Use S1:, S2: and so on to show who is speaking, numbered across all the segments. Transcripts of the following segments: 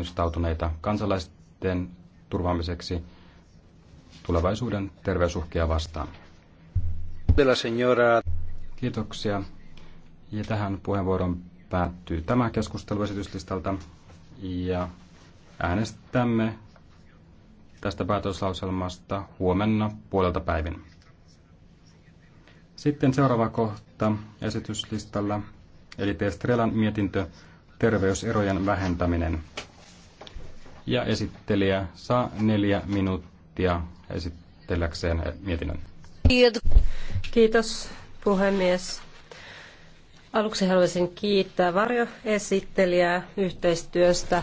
S1: innostautuneita kansalaisten turvaamiseksi tulevaisuuden terveysuhkia vastaan. Kiitoksia. Ja tähän puheenvuoron päättyy tämä keskustelu esityslistalta. Ja äänestämme tästä päätöslauselmasta huomenna puolelta päivin. Sitten seuraava kohta esityslistalla, eli Testrelan mietintö Terveyserojen vähentäminen ja esittelijä saa neljä minuuttia esitelläkseen mietinnön.
S2: Kiitos puhemies. Aluksi haluaisin kiittää varjoesittelijää yhteistyöstä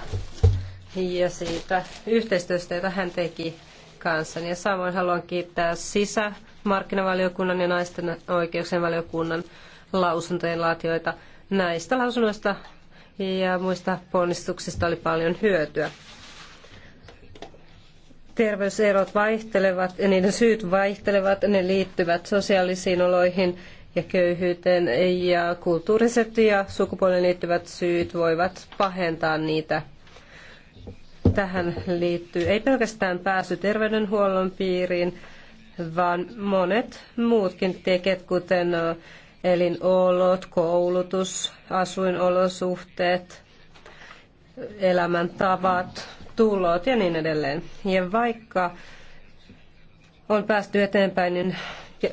S2: ja siitä yhteistyöstä, jota hän teki kanssa Ja samoin haluan kiittää sisämarkkinavaliokunnan ja naisten oikeuksien valiokunnan lausuntojen laatioita. Näistä lausunnoista ja muista ponnistuksista oli paljon hyötyä terveyserot vaihtelevat ja niiden syyt vaihtelevat. Ne liittyvät sosiaalisiin oloihin ja köyhyyteen ja kulttuuriset ja sukupuoleen liittyvät syyt voivat pahentaa niitä. Tähän liittyy ei pelkästään pääsy terveydenhuollon piiriin, vaan monet muutkin tekijät, kuten elinolot, koulutus, asuinolosuhteet, elämäntavat tulot ja niin edelleen. Ja vaikka on päästy eteenpäin, niin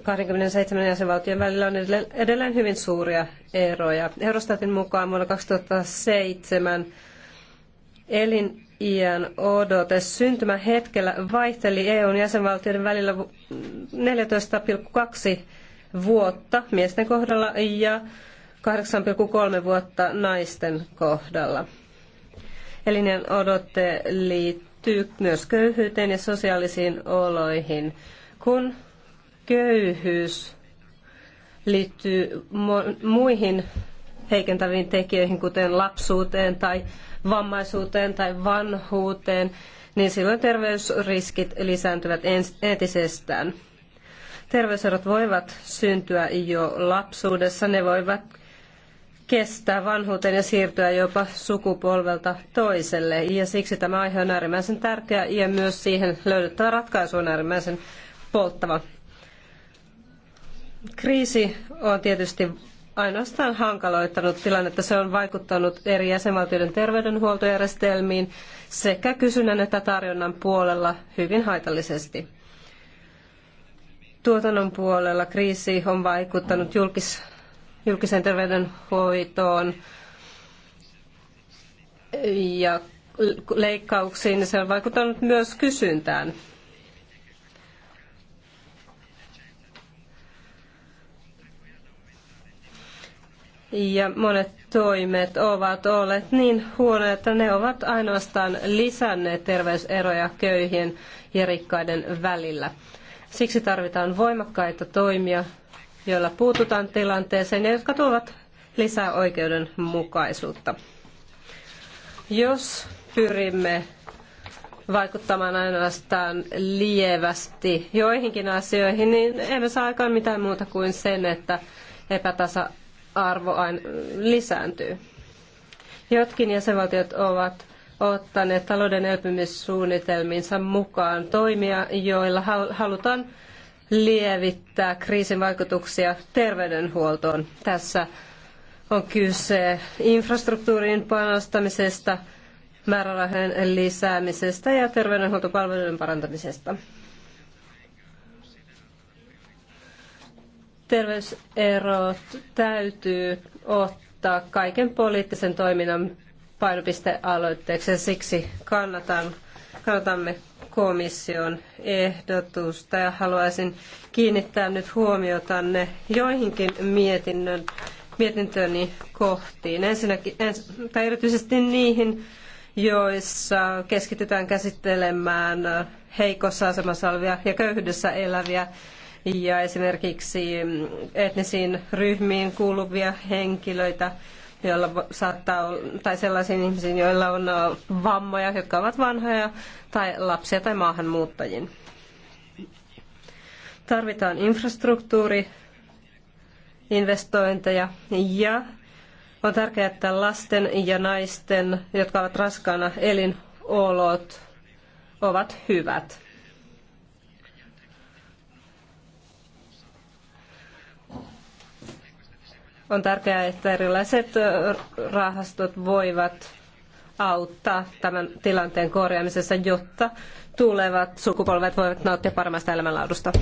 S2: 27 jäsenvaltion välillä on edelleen hyvin suuria eroja. Eurostatin mukaan vuonna 2007 eliniän odote syntymähetkellä vaihteli EUn jäsenvaltioiden välillä 14,2 vuotta miesten kohdalla ja 8,3 vuotta naisten kohdalla. Elinen odotte liittyy myös köyhyyteen ja sosiaalisiin oloihin. Kun köyhyys liittyy muihin heikentäviin tekijöihin, kuten lapsuuteen tai vammaisuuteen tai vanhuuteen, niin silloin terveysriskit lisääntyvät entisestään. Terveyserot voivat syntyä jo lapsuudessa, ne voivat kestää vanhuuteen ja siirtyä jopa sukupolvelta toiselle. Ja siksi tämä aihe on äärimmäisen tärkeä ja myös siihen löydettävä ratkaisu on äärimmäisen polttava. Kriisi on tietysti ainoastaan hankaloittanut tilannetta. Se on vaikuttanut eri jäsenvaltioiden terveydenhuoltojärjestelmiin sekä kysynnän että tarjonnan puolella hyvin haitallisesti. Tuotannon puolella kriisi on vaikuttanut julkis- julkiseen terveydenhoitoon ja leikkauksiin, niin se on vaikuttanut myös kysyntään. Ja monet toimet ovat olleet niin huonoja, että ne ovat ainoastaan lisänneet terveyseroja köyhien ja rikkaiden välillä. Siksi tarvitaan voimakkaita toimia joilla puututaan tilanteeseen ja jotka tuovat lisää oikeudenmukaisuutta. Jos pyrimme vaikuttamaan ainoastaan lievästi joihinkin asioihin, niin emme saa aikaan mitään muuta kuin sen, että epätasa-arvo lisääntyy. Jotkin jäsenvaltiot ovat ottaneet talouden elpymissuunnitelmiinsa mukaan toimia, joilla halutaan lievittää kriisin vaikutuksia terveydenhuoltoon. Tässä on kyse infrastruktuurin panostamisesta, määrärahojen lisäämisestä ja terveydenhuoltopalveluiden parantamisesta. Terveyserot täytyy ottaa kaiken poliittisen toiminnan painopistealoitteeksi ja siksi kannatan kannatamme komission ehdotusta ja haluaisin kiinnittää nyt huomiotanne joihinkin mietinnön, mietintöni kohtiin. Ensinnäkin, ens, tai erityisesti niihin, joissa keskitytään käsittelemään heikossa asemassa olevia ja köyhyydessä eläviä ja esimerkiksi etnisiin ryhmiin kuuluvia henkilöitä – joilla saattaa olla tai sellaisiin ihmisiin, joilla on vammoja, jotka ovat vanhoja, tai lapsia tai maahanmuuttajiin. Tarvitaan infrastruktuuri, investointeja ja on tärkeää, että lasten ja naisten, jotka ovat raskaana, elinolot ovat hyvät. On tärkeää, että erilaiset rahastot voivat auttaa tämän tilanteen korjaamisessa, jotta tulevat sukupolvet voivat nauttia paremmasta elämänlaadusta.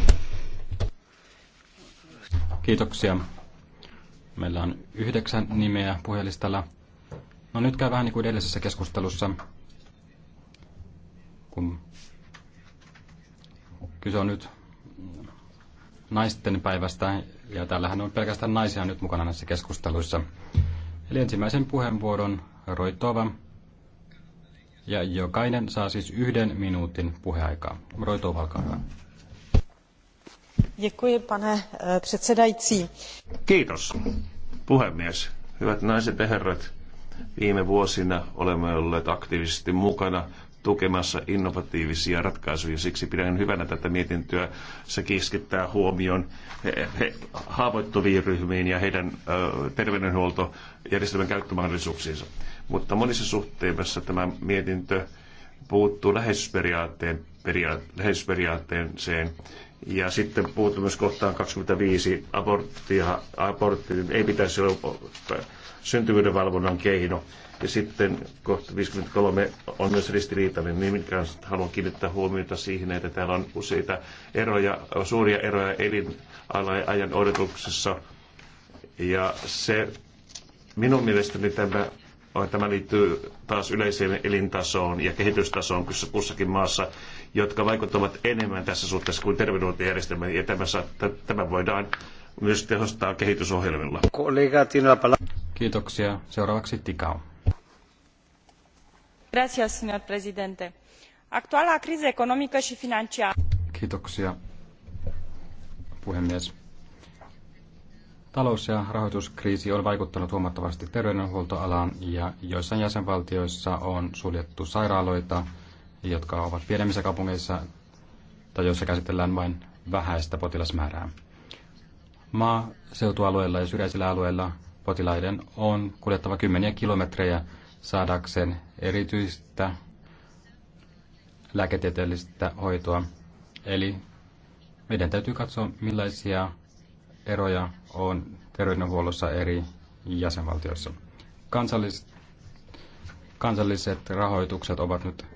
S1: Kiitoksia. Meillä on yhdeksän nimeä puhelistalla. No nyt käy vähän niin kuin edellisessä keskustelussa, kun kyse on nyt naisten päivästä ja täällähän on pelkästään naisia nyt mukana näissä keskusteluissa. Eli ensimmäisen puheenvuoron Roitova. Ja jokainen saa siis yhden minuutin puheaikaa. Roitova, alkaa hyvä.
S2: Děkuji, pane eh, předsedající.
S3: Kiitos, puhemies. Hyvät naiset ja herrat, viime vuosina olemme olleet aktiivisesti mukana tukemassa innovatiivisia ratkaisuja. Siksi pidän hyvänä tätä mietintöä. Se keskittää huomion haavoittuviin ryhmiin ja heidän terveydenhuoltojärjestelmän käyttömahdollisuuksiinsa. Mutta monissa suhteissa tämä mietintö puuttuu läheisyysperiaatteen, peria, läheisyysperiaatteeseen ja sitten puutun myös kohtaan 25. Aborttia, abortti niin ei pitäisi olla syntyvyyden valvonnan keino. Ja sitten kohta 53 on myös ristiriitainen, niin kanssa haluan kiinnittää huomiota siihen, että täällä on useita eroja, suuria eroja elinajan odotuksessa. Ja se minun mielestäni tämä tämä liittyy taas yleiseen elintasoon ja kehitystasoon kussakin maassa, jotka vaikuttavat enemmän tässä suhteessa kuin terveydenhuoltojärjestelmä. ja tämä, tämä voidaan myös tehostaa kehitysohjelmilla. Kiitoksia. Seuraavaksi Tikao.
S2: Gracias, señor presidente. Actuala crise economică și financiară.
S1: Kiitoksia, puhemies Talous- ja rahoituskriisi on vaikuttanut huomattavasti terveydenhuoltoalaan ja joissain jäsenvaltioissa on suljettu sairaaloita, jotka ovat pienemmissä kaupungeissa tai joissa käsitellään vain vähäistä potilasmäärää. Maaseutualueilla ja syrjäisillä alueilla potilaiden on kuljettava kymmeniä kilometrejä saadakseen erityistä lääketieteellistä hoitoa. Eli meidän täytyy katsoa, millaisia eroja on terveydenhuollossa eri jäsenvaltioissa. Kansallis, kansalliset rahoitukset ovat nyt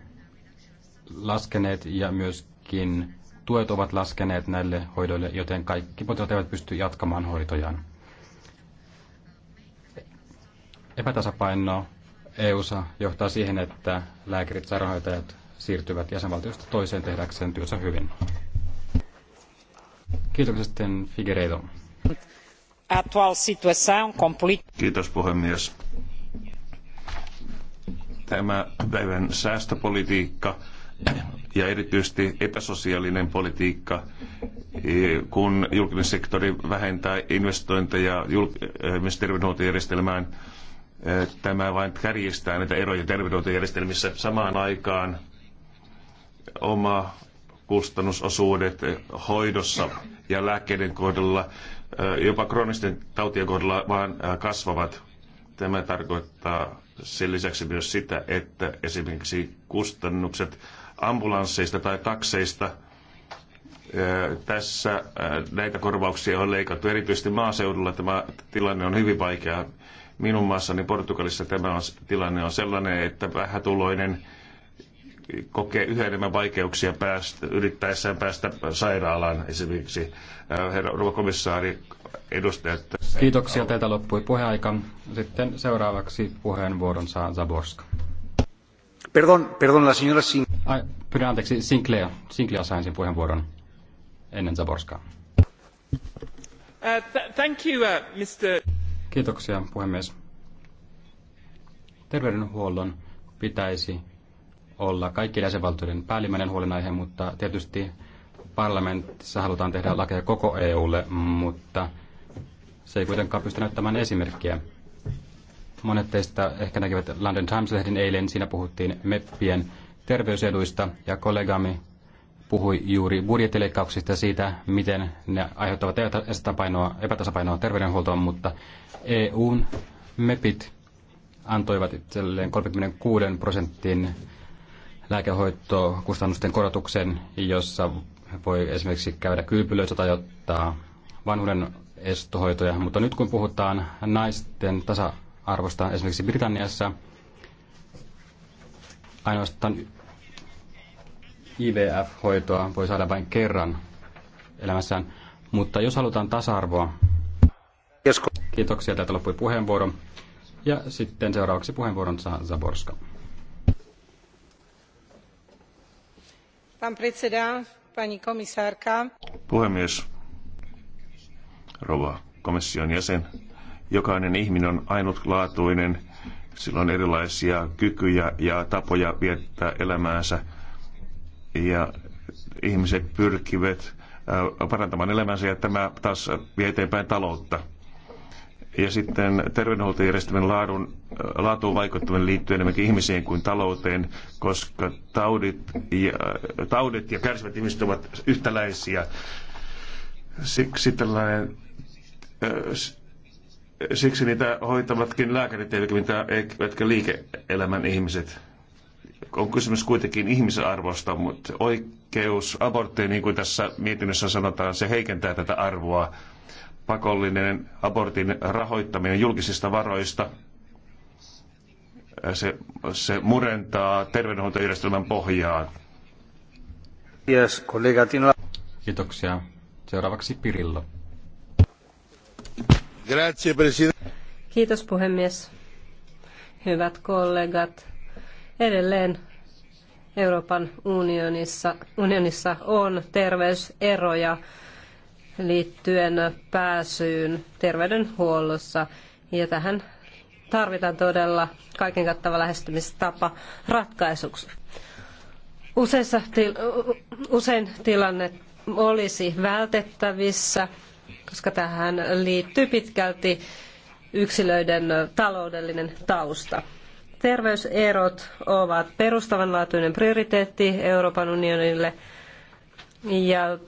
S1: laskeneet ja myöskin tuet ovat laskeneet näille hoidoille, joten kaikki potilaat eivät pysty jatkamaan hoitojaan. Epätasapaino EU:ssa johtaa siihen, että lääkärit ja sairaanhoitajat siirtyvät jäsenvaltiosta toiseen tehdäkseen työnsä hyvin.
S3: Kiitos puhemies. Tämä päivän säästöpolitiikka ja erityisesti epäsosiaalinen politiikka, e, kun julkinen sektori vähentää investointeja myös e, terveydenhuoltojärjestelmään, e, tämä vain kärjistää näitä eroja terveydenhuoltojärjestelmissä samaan aikaan oma kustannusosuudet hoidossa ja lääkkeiden kohdalla, jopa kroonisten tautien kohdalla vaan kasvavat. Tämä tarkoittaa sen lisäksi myös sitä, että esimerkiksi kustannukset ambulansseista tai takseista tässä näitä korvauksia on leikattu. Erityisesti maaseudulla tämä tilanne on hyvin vaikea. Minun maassani Portugalissa tämä on, tilanne on sellainen, että vähätuloinen kokee yhä enemmän vaikeuksia päästä, yrittäessään päästä sairaalaan esimerkiksi. Äh, herra ruokomissaari, edustajat. Kiitoksia, teiltä loppui puheaika.
S1: Sitten seuraavaksi puheenvuoron saa Zaborska. Perdon, perdon, la señora Sin... Ai, pyydän anteeksi, Sinclair. Sinclair sai ensin puheenvuoron ennen Zaborskaa. Uh,
S3: th- thank you, uh, Mr.
S1: Kiitoksia, puhemies. Terveydenhuollon pitäisi olla kaikkien jäsenvaltioiden päällimmäinen huolenaihe, mutta tietysti parlamentissa halutaan tehdä lakeja koko EUlle, mutta se ei kuitenkaan pysty näyttämään esimerkkiä. Monet teistä ehkä näkivät London Times-lehden eilen, siinä puhuttiin meppien terveyseduista ja kollegami puhui juuri budjettileikkauksista siitä, miten ne aiheuttavat epätasapainoa terveydenhuoltoon, mutta EUn MEPit antoivat itselleen 36 prosentin kustannusten korotuksen, jossa voi esimerkiksi käydä kylpylöitä tai ottaa vanhuuden estohoitoja. Mutta nyt kun puhutaan naisten tasa-arvosta esimerkiksi Britanniassa, ainoastaan IVF-hoitoa voi saada vain kerran elämässään. Mutta jos halutaan tasa-arvoa, kiitoksia, täältä loppui puheenvuoro. Ja sitten seuraavaksi puheenvuoron saa Zaborska.
S3: Puhemies, rouva komission jäsen. Jokainen ihminen on ainutlaatuinen. Sillä on erilaisia kykyjä ja tapoja viettää elämäänsä. Ja ihmiset pyrkivät äh, parantamaan elämänsä ja tämä taas vie eteenpäin taloutta ja sitten terveydenhuoltojärjestelmän laadun, äh, laatuun vaikuttaminen liittyy enemmänkin ihmisiin kuin talouteen, koska taudit ja, äh, taudit ja kärsivät ihmiset ovat yhtäläisiä. Siksi tällainen äh, siksi niitä hoitavatkin lääkärit eivätkä liike-elämän ihmiset. On kysymys kuitenkin ihmisarvosta, mutta oikeus aborttiin, niin kuin tässä mietinnössä sanotaan, se heikentää tätä arvoa pakollinen abortin rahoittaminen julkisista varoista, se, se murentaa terveydenhuoltojärjestelmän pohjaa. Yes, Kiitoksia.
S1: Seuraavaksi Pirillo.
S2: Kiitos puhemies. Hyvät kollegat, edelleen Euroopan unionissa, unionissa on terveyseroja liittyen pääsyyn terveydenhuollossa. Ja tähän tarvitaan todella kaiken kattava lähestymistapa ratkaisuksi. Useissa til, usein tilanne olisi vältettävissä, koska tähän liittyy pitkälti yksilöiden taloudellinen tausta. Terveyserot ovat perustavanlaatuinen prioriteetti Euroopan unionille ja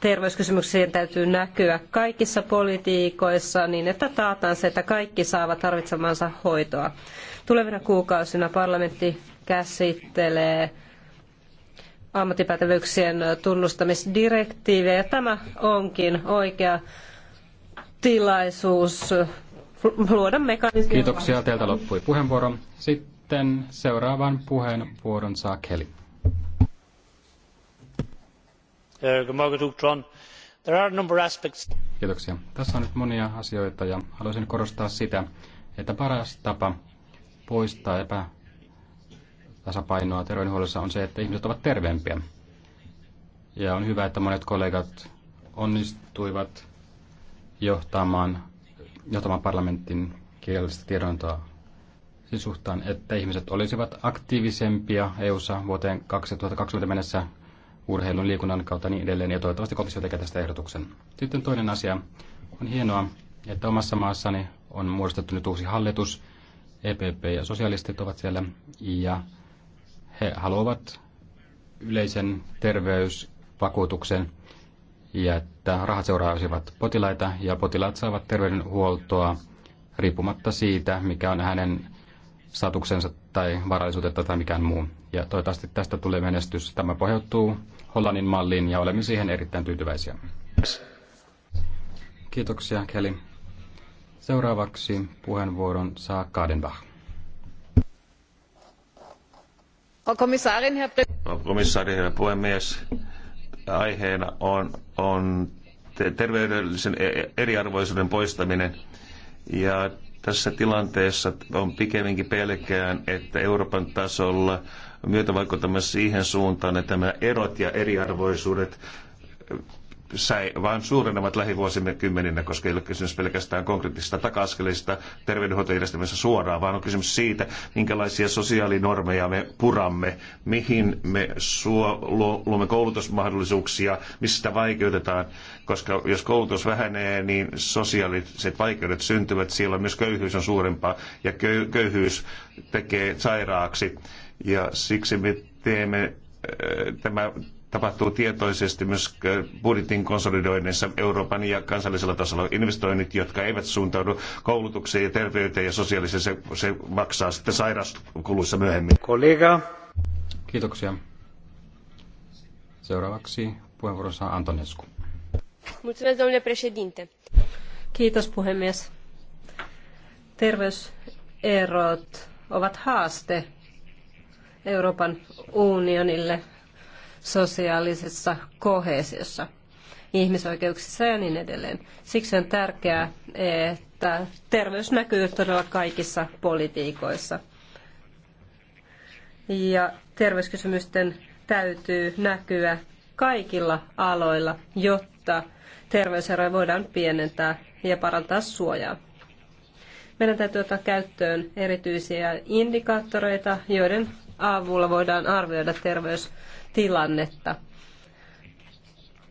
S2: terveyskysymyksien täytyy näkyä kaikissa politiikoissa niin, että taataan se, että kaikki saavat tarvitsemansa hoitoa. Tulevina kuukausina parlamentti käsittelee ammattipätevyyksien tunnustamisdirektiiviä ja tämä onkin oikea tilaisuus luoda mekanismi. Kiitoksia. Teiltä loppui
S1: puheenvuoro. Sitten seuraavan puheenvuoron saa Kelly. Eh, Tässä on nyt monia asioita ja haluaisin korostaa sitä, että paras tapa poistaa epätasapainoa terveydenhuollossa on se, että ihmiset ovat terveempiä. Ja on hyvä, että monet kollegat onnistuivat johtamaan, johtamaan parlamentin kielellistä tiedontoa sen suhtaan, että ihmiset olisivat aktiivisempia EU-ssa vuoteen 2020 mennessä urheilun, liikunnan kautta niin edelleen, ja toivottavasti komissio tekee tästä ehdotuksen. Sitten toinen asia. On hienoa, että omassa maassani on muodostettu nyt uusi hallitus. EPP ja sosialistit ovat siellä, ja he haluavat yleisen terveysvakuutuksen, ja että rahat seuraavat potilaita, ja potilaat saavat terveydenhuoltoa riippumatta siitä, mikä on hänen statuksensa tai varallisuutensa tai mikään muu. Ja toivottavasti tästä tulee menestys. Tämä pohjautuu Hollannin malliin ja olemme siihen erittäin tyytyväisiä. Kiitoksia, Kelly. Seuraavaksi
S3: puheenvuoron saa Kadenbach. Komissaari, herra puhemies, aiheena on, on terveydellisen e-, eriarvoisuuden poistaminen ja tässä tilanteessa on pikemminkin pelkään, että Euroopan tasolla myötävaikutamme siihen suuntaan, että nämä erot ja eriarvoisuudet säi, vaan suurenevat lähivuosimme kymmeninä, koska ei ole kysymys pelkästään konkreettisista taka-askeleista terveydenhoitojärjestelmässä suoraan, vaan on kysymys siitä, minkälaisia sosiaalinormeja me puramme, mihin me suo, luomme koulutusmahdollisuuksia, mistä vaikeutetaan, koska jos koulutus vähenee, niin sosiaaliset vaikeudet syntyvät, silloin myös köyhyys on suurempaa ja köy, köyhyys tekee sairaaksi. Ja siksi me teemme äh, tämä tapahtuu tietoisesti myös äh, budjetin konsolidoinnissa Euroopan ja kansallisella tasolla. Investoinnit, jotka eivät suuntaudu koulutukseen ja terveyteen ja sosiaaliseen, se, se maksaa sitten sairauskuluissa myöhemmin. Kollega.
S1: Kiitoksia. Seuraavaksi puheenvuoron Antonescu.
S2: Mulțumesc, domnule președinte. Kiitos, puhemies. Terveyserot ovat haaste Euroopan unionille sosiaalisessa kohesiossa, ihmisoikeuksissa ja niin edelleen. Siksi on tärkeää, että terveys näkyy todella kaikissa politiikoissa. Ja terveyskysymysten täytyy näkyä kaikilla aloilla, jotta terveyseroja voidaan pienentää ja parantaa suojaa. Meidän täytyy ottaa käyttöön erityisiä indikaattoreita, joiden avulla voidaan arvioida terveys tilannetta.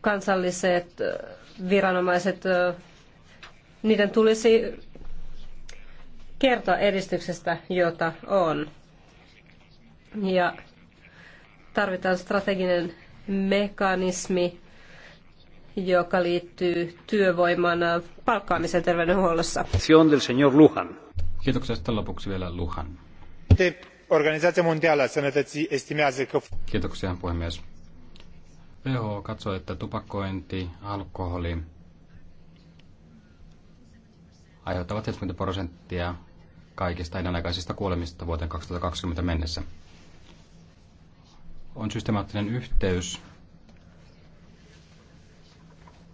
S2: Kansalliset viranomaiset, niiden tulisi kertoa edistyksestä, jota on. Ja tarvitaan strateginen mekanismi, joka liittyy työvoiman palkkaamiseen terveydenhuollossa.
S1: Kiitoksia. Sitten lopuksi vielä Luhan. Organizaatio Mondiala Sanatatsi estimează că... Kiitoksia puhemies. WHO katsoo, että tupakointi, alkoholi aiheuttavat 70 prosenttia kaikista ennenaikaisista kuolemista vuoteen 2020 mennessä. On systemaattinen yhteys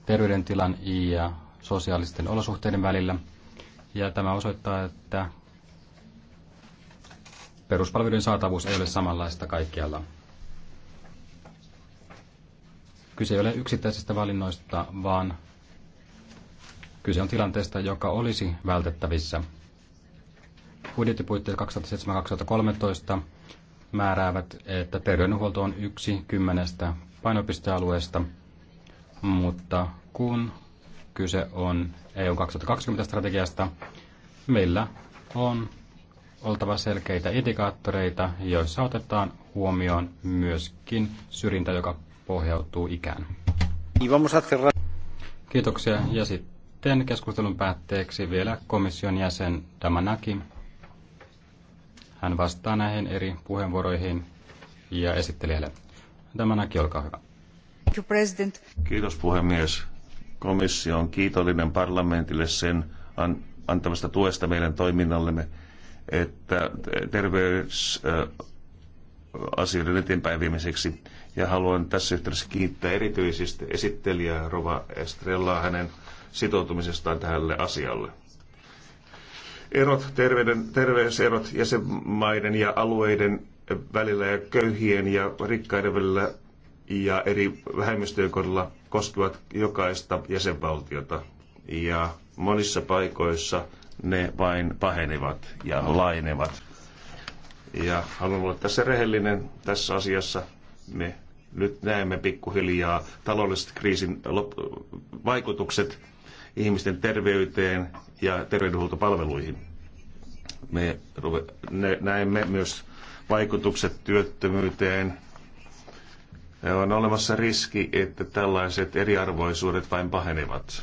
S1: terveydentilan ja sosiaalisten olosuhteiden välillä. Ja tämä osoittaa, että peruspalveluiden saatavuus ei ole samanlaista kaikkialla. Kyse ei ole yksittäisistä valinnoista, vaan kyse on tilanteesta, joka olisi vältettävissä. Budjettipuitteet 2007-2013 määräävät, että terveydenhuolto on yksi kymmenestä painopistealueesta, mutta kun kyse on EU 2020-strategiasta, meillä on oltava selkeitä indikaattoreita, joissa otetaan huomioon myöskin syrjintä, joka pohjautuu ikään. Kiitoksia. Ja sitten keskustelun päätteeksi vielä komission jäsen Damanaki. Hän vastaa näihin eri puheenvuoroihin ja esittelijälle. Damanaki, olkaa hyvä.
S3: Kiitos puhemies. Komissio on kiitollinen parlamentille sen antamasta tuesta meidän toiminnallemme että terveysasioiden eteenpäin viimeiseksi. Ja haluan tässä yhteydessä kiittää erityisesti esittelijää Rova Estrellaa hänen sitoutumisestaan tälle asialle erot, terveyden, terveyserot jäsenmaiden ja alueiden välillä ja köyhien ja rikkaiden välillä ja eri vähemmistöjen kohdalla koskevat jokaista jäsenvaltiota. Ja monissa paikoissa ne vain pahenivat ja lainevat. Ja haluan olla tässä rehellinen tässä asiassa. Me nyt näemme pikkuhiljaa taloudelliset kriisin vaikutukset ihmisten terveyteen ja terveydenhuoltopalveluihin. Me näemme myös vaikutukset työttömyyteen. On olemassa riski, että tällaiset eriarvoisuudet vain pahenevat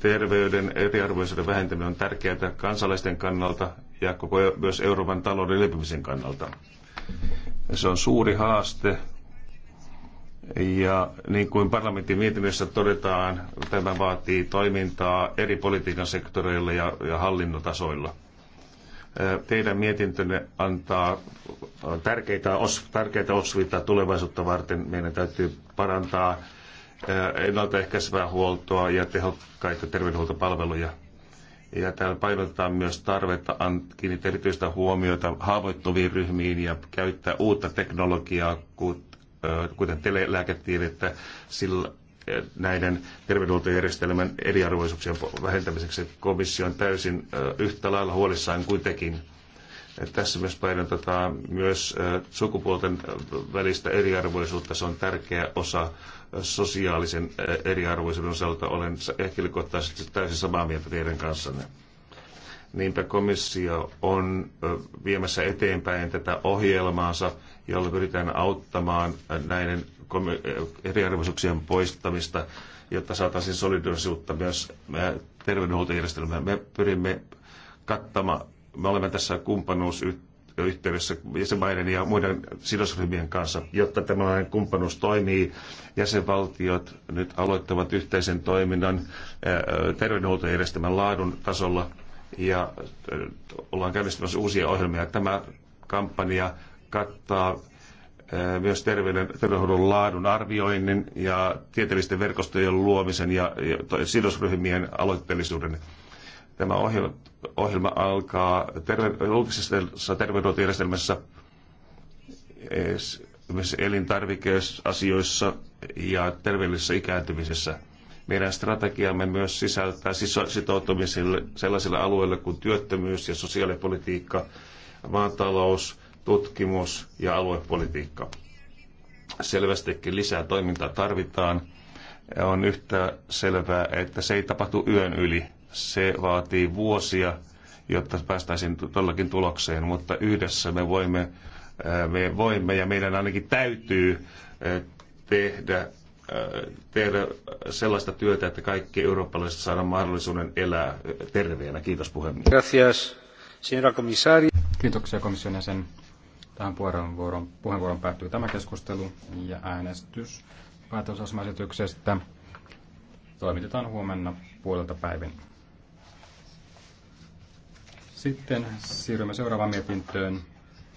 S3: terveyden eriarvoisuuden vähentäminen on tärkeää kansalaisten kannalta ja koko e- myös Euroopan talouden elpymisen kannalta. Se on suuri haaste ja niin kuin parlamentin mietinnössä todetaan, tämä vaatii toimintaa eri politiikan sektoreilla ja, ja hallinnotasoilla. Teidän mietintönne antaa tärkeitä, os, tärkeitä osvita tulevaisuutta varten. Meidän täytyy parantaa ennaltaehkäisevää huoltoa ja tehokkaita terveydenhuoltopalveluja. Ja täällä painotetaan myös tarvetta kiinnittää erityistä huomiota haavoittuviin ryhmiin ja käyttää uutta teknologiaa, kuten telelääketiedettä, sillä näiden terveydenhuoltojärjestelmän eriarvoisuuksien vähentämiseksi komissio on täysin yhtä lailla huolissaan kuin tekin tässä myös painotetaan myös sukupuolten välistä eriarvoisuutta. Se on tärkeä osa sosiaalisen eriarvoisuuden osalta. Olen henkilökohtaisesti täysin samaa mieltä teidän kanssanne. Niinpä komissio on viemässä eteenpäin tätä ohjelmaansa, jolla pyritään auttamaan näiden eriarvoisuuksien poistamista, jotta saataisiin solidarisuutta myös terveydenhuoltojärjestelmään. Me pyrimme kattamaan me olemme tässä kumppanuusyhteydessä jäsenmaiden ja muiden sidosryhmien kanssa, jotta tämmöinen kumppanuus toimii. Jäsenvaltiot nyt aloittavat yhteisen toiminnan terveydenhuoltojärjestelmän laadun tasolla ja ollaan käynnistämässä uusia ohjelmia. Tämä kampanja kattaa myös terveydenhoidon laadun arvioinnin ja tieteellisten verkostojen luomisen ja, ja sidosryhmien aloitteellisuuden. Tämä ohjelma ohjelma alkaa terve, julkisessa terveydenhuoltojärjestelmässä, eh, esimerkiksi elintarvikeasioissa ja terveellisessä ikääntymisessä. Meidän strategiamme myös sisältää sitoutumiselle sellaisille alueille kuin työttömyys ja sosiaalipolitiikka, maatalous, tutkimus ja aluepolitiikka. Selvästikin lisää toimintaa tarvitaan. On yhtä selvää, että se ei tapahtu yön yli se vaatii vuosia, jotta päästäisiin todellakin tulokseen, mutta yhdessä me voimme, me voimme ja meidän ainakin täytyy tehdä, tehdä sellaista työtä, että kaikki eurooppalaiset saadaan mahdollisuuden elää terveenä. Kiitos puhemies.
S1: Gracias, señora komissaari. Kiitoksia komission jäsen. Tähän puheenvuoron, puheenvuoron päättyy tämä keskustelu ja äänestys päätösasemaesityksestä toimitetaan huomenna puolelta päivin. Sitten siirrymme seuraavaan mietintöön.